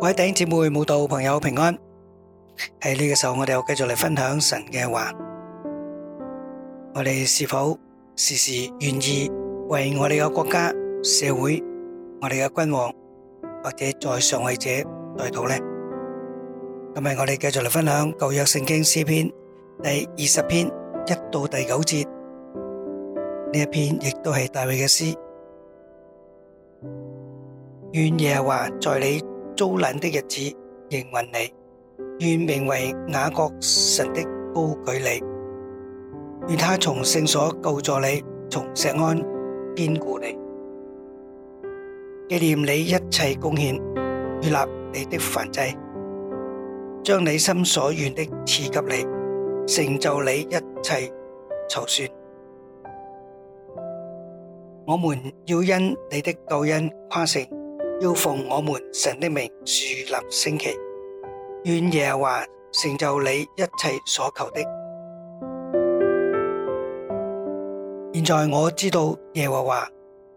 各位弟兄姊妹、慕道朋友平安。喺呢個時候，我哋又繼續嚟分享神嘅話。我哋是否時時願意為我哋嘅國家、社會、我哋嘅君王或者在上位者代禱呢？今日我哋繼續嚟分享舊約聖經詩篇第二十篇一到第九節呢一篇，亦都係大衛嘅詩。願耶和華在你。遭難的日子應允你，願名為雅各神的高舉你，願他從聖所救助你，從錫安堅固你，紀念你一切供獻，悅納你的燔祭，將你心所願的賜給你，成就你一切籌算。我們要因你的救恩誇勝。要奉我們神的名樹立旌旗，願耶和華成就你一切所求的。現在我知道耶和華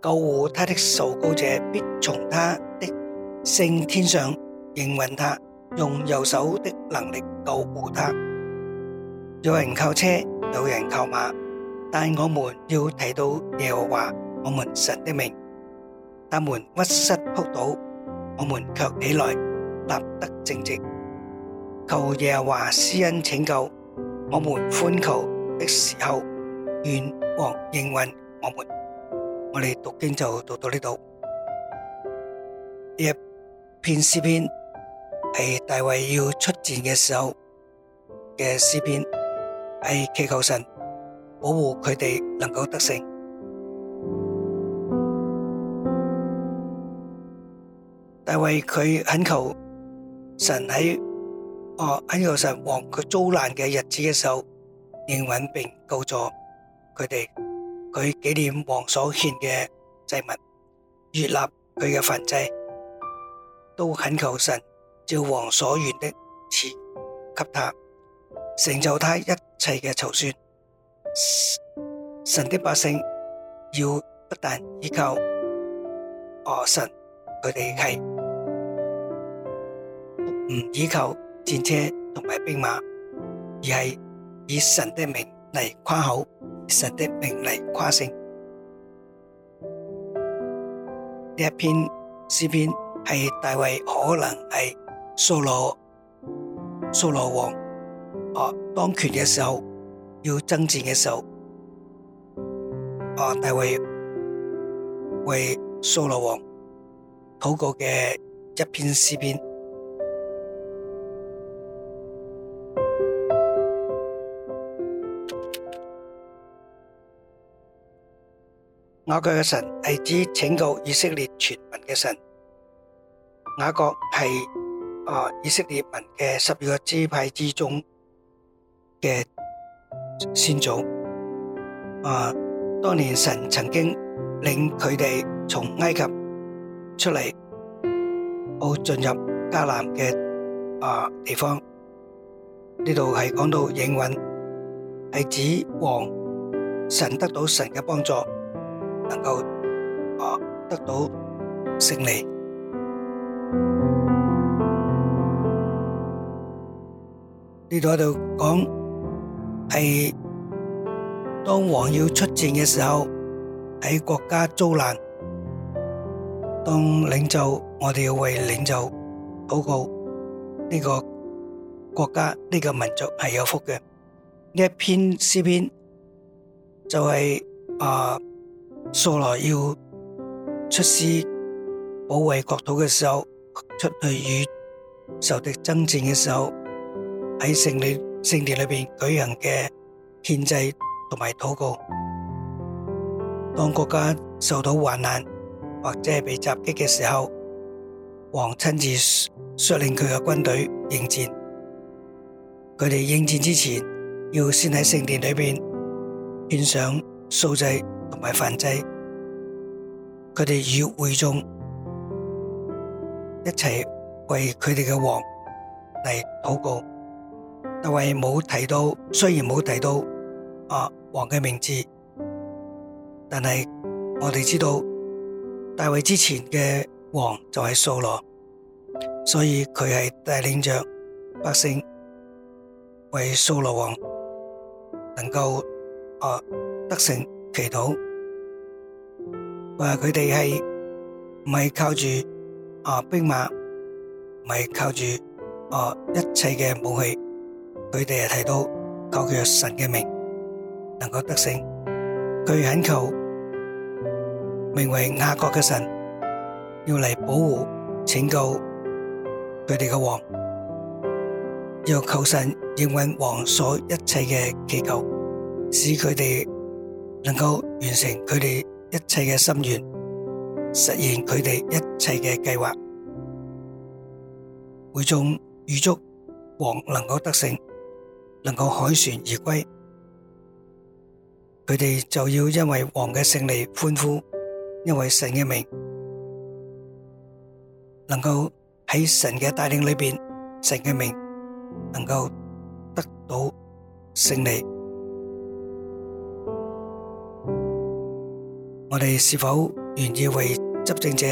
救護他的受膏者，必從他的聖天上應允他，用右手的能力救護他。有人靠車，有人靠馬，但我們要提到耶和華，我們神的名。他們屈膝仆倒，我們卻起來，立得正直。求耶和華施恩拯救。我們歡求的時候，願王應允我們。我哋讀經就讀到呢度。呢一篇詩篇係大衛要出戰嘅時候嘅詩篇，係祈求神保護佢哋能夠得勝。係為佢懇求神喺，哦，懇求神王佢遭難嘅日子嘅時候應允並告助佢哋。佢紀念王所獻嘅祭物，悅納佢嘅燔祭，都懇求神照王所願的賜給他，成就他一切嘅籌算。神的百姓要不但依靠哦，神，佢哋係。唔依靠戰車同埋兵馬，而係以神的名嚟誇口，以神的名嚟誇勝。呢一篇詩篇係大衛可能係掃羅、掃羅王啊當權嘅時候，要爭戰嘅時候，啊大衛為掃羅王禱告嘅一篇詩篇。雅各嘅神係指拯救以色列全民嘅神。雅各係啊以色列民嘅十二個支派之中嘅先祖。啊，當年神曾經領佢哋從埃及出嚟，到進入迦南嘅啊地方。呢度係講到應允，係指望神得到神嘅幫助。能夠得到勝利。呢度，喺度講係當王要出戰嘅時候，喺國家遭難，當領袖，我哋要為領袖禱告，呢個國家呢個民族係有福嘅。呢一篇詩篇就係啊。素來要出師保衛國土嘅時候，出去與仇敵爭戰嘅時候，喺聖殿聖殿裏邊舉行嘅獻祭同埋禱告。當國家受到患難或者係被襲擊嘅時候，王親自率領佢嘅軍隊應戰。佢哋應戰之前，要先喺聖殿裏邊獻上。素祭同埋燔祭，佢哋與會眾一齊為佢哋嘅王嚟禱告。大衛冇提到，雖然冇提到啊王嘅名字，但係我哋知道大衛之前嘅王就係掃羅，所以佢係帶領着百姓為掃羅王能夠啊。得勝祈禱，話佢哋係唔係靠住啊兵馬，唔係靠住啊一切嘅武器，佢哋係睇到靠住神嘅名能夠得勝。佢懇求名為雅各嘅神要嚟保護拯救佢哋嘅王，若求神應允王所一切嘅祈求，使佢哋。能夠完成佢哋一切嘅心願，實現佢哋一切嘅計劃，會眾預祝王能夠得勝，能夠凱旋而歸，佢哋就要因為王嘅勝利歡呼，因為神嘅名，能夠喺神嘅帶領裏邊，神嘅名能夠得到勝利。我哋是否願意為執政者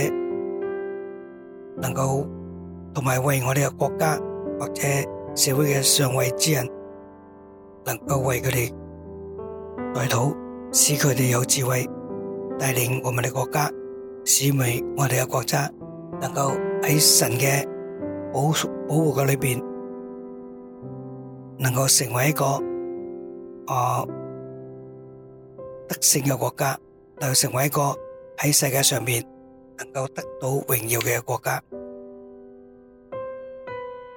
能夠同埋為我哋嘅國家或者社會嘅上位之人，能夠為佢哋代禱，使佢哋有智慧帶領我哋嘅國家，使為我哋嘅國家能夠喺神嘅保保護嘅裏邊，能夠成為一個啊德性嘅國家。就成為一個喺世界上面能夠得到榮耀嘅國家。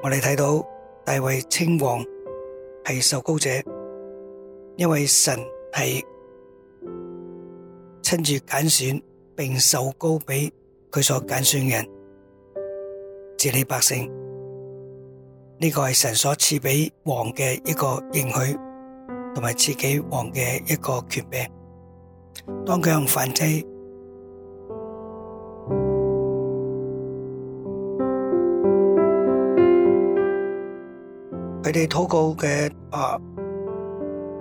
我哋睇到大衛稱王係受膏者，因為神係親自揀選並受膏俾佢所揀選嘅人，治理百姓。呢、這個係神所賜俾王嘅一個應許，同埋賜俾王嘅一個權柄。當佢用犯罪，佢哋禱告嘅啊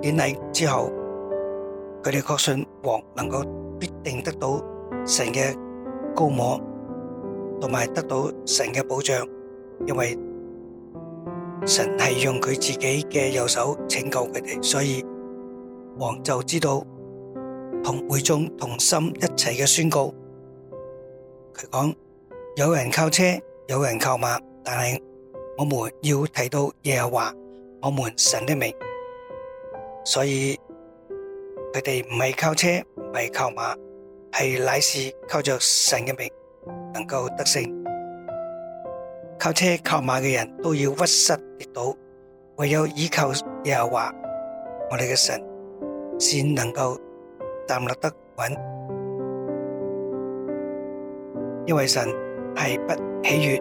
典禮之後，佢哋確信王能夠必定得到神嘅膏抹，同埋得到神嘅保障，因為神係用佢自己嘅右手拯救佢哋，所以王就知道。同會眾同心一齊嘅宣告，佢講：有人靠車，有人靠馬，但係我們要提到耶和華，我們神的名。所以佢哋唔係靠車，唔係靠馬，係乃是靠著神嘅名能夠得勝。靠車靠馬嘅人都要屈膝跌倒，唯有倚靠耶和華我哋嘅神，先能夠。站立得穩，因為神係不喜悦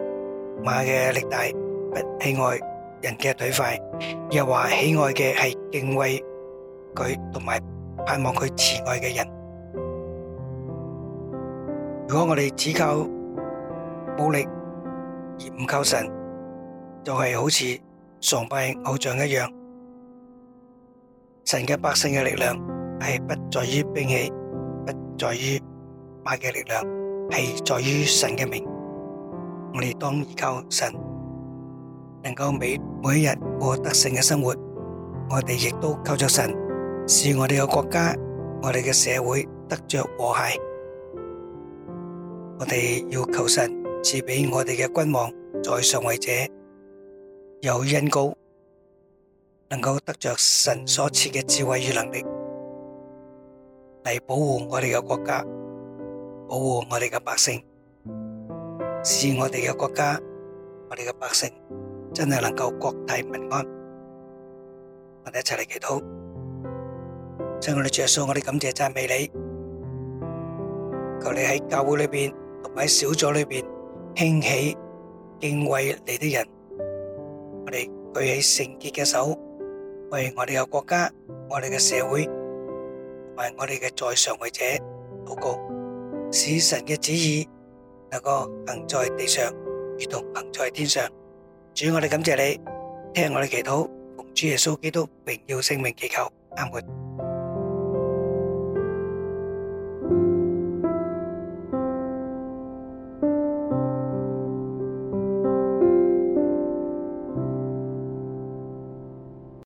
馬嘅力大，不喜愛人嘅腿快，又話喜愛嘅係敬畏佢同埋盼望佢慈愛嘅人。如果我哋只靠武力而唔靠神，就係好似崇拜偶像一樣。神嘅百姓嘅力量。係不在於兵器，不在於馬嘅力量，係在於神嘅名。我哋當依靠神，能夠每每一日過得勝嘅生活。我哋亦都求着神，使我哋嘅國家、我哋嘅社會得着和諧。我哋要求神賜俾我哋嘅君王在上位者有恩高，能夠得着神所賜嘅智慧與能力。嚟保護我哋嘅國家，保護我哋嘅百姓，使我哋嘅國家、我哋嘅百姓真係能夠國泰民安。我哋一齊嚟祈禱，向我哋主耶穌，我哋感謝讚美你。求你喺教會裏邊同喺小組裏邊興起敬畏你的人，我哋舉起聖潔嘅手，為我哋嘅國家、我哋嘅社會。為我哋嘅在上位者禱告，使神嘅旨意能夠行在地上，如同行在天上。主，我哋感謝你聽我哋祈禱。奉主耶穌基督，榮耀聖名，祈求。阿門。